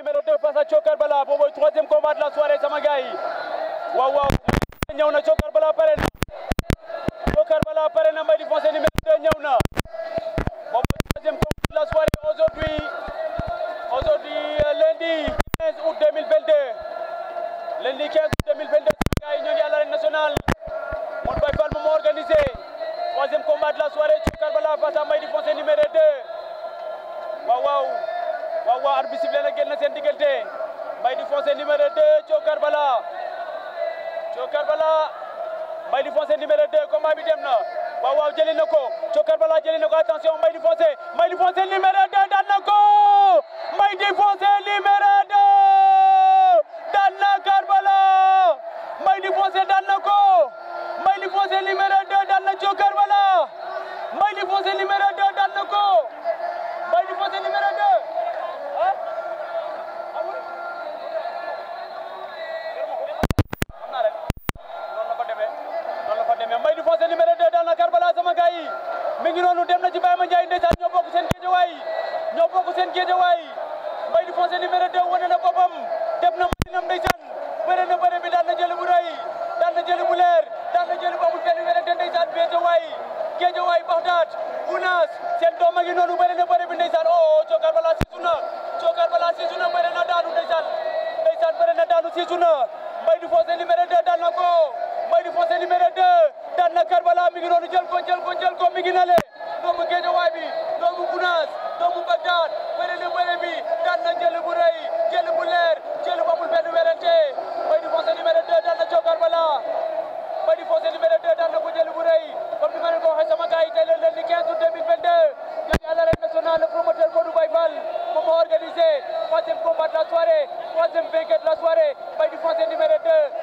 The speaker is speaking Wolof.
numéro 2 face à Cokar Bala boobu mooy troisième combat de la soirée sama gars na Cokar Bala pare na bi sifflé na génn seen diggante Mbaye di foncé numéro 2 Thio Karbala Thio Karbala Mbaye di foncé numéro 2 combat bi dem na waaw waaw jëli ko Thio Karbala jëli na ko attention Mbaye di foncé Mbaye di foncé numéro mi ngi noonu dem na ci Baye Mandiaye ndeysaan ñoo bokk seen géejawaay ñoo bokk seen géejawaay Mbaye di foncé numéro 2 wane na boppam dem na masinam ndeysaan bëre na bëre bi daan na jël bu rëy daan na jël bu leer daan na jël bu amul benn werante ndeysaan géejawaay géejawaay Baxdaat Unaas seen doom a ngi noonu bëre na bëre bi ndeysaan oo oh, cookaar balaa siisu na cookaar balaa siisu na bëre na daanu ndeysaan ndeysaan bëre na daanu siisu na Mbaye di foncé numéro 2 daan na ko Mbaye di foncé numéro 2 daan na Karbala mi ngi noonu jël ko na le troisième combat de la soirée, troisième vainqueur de la soirée, bail du français numéro 2.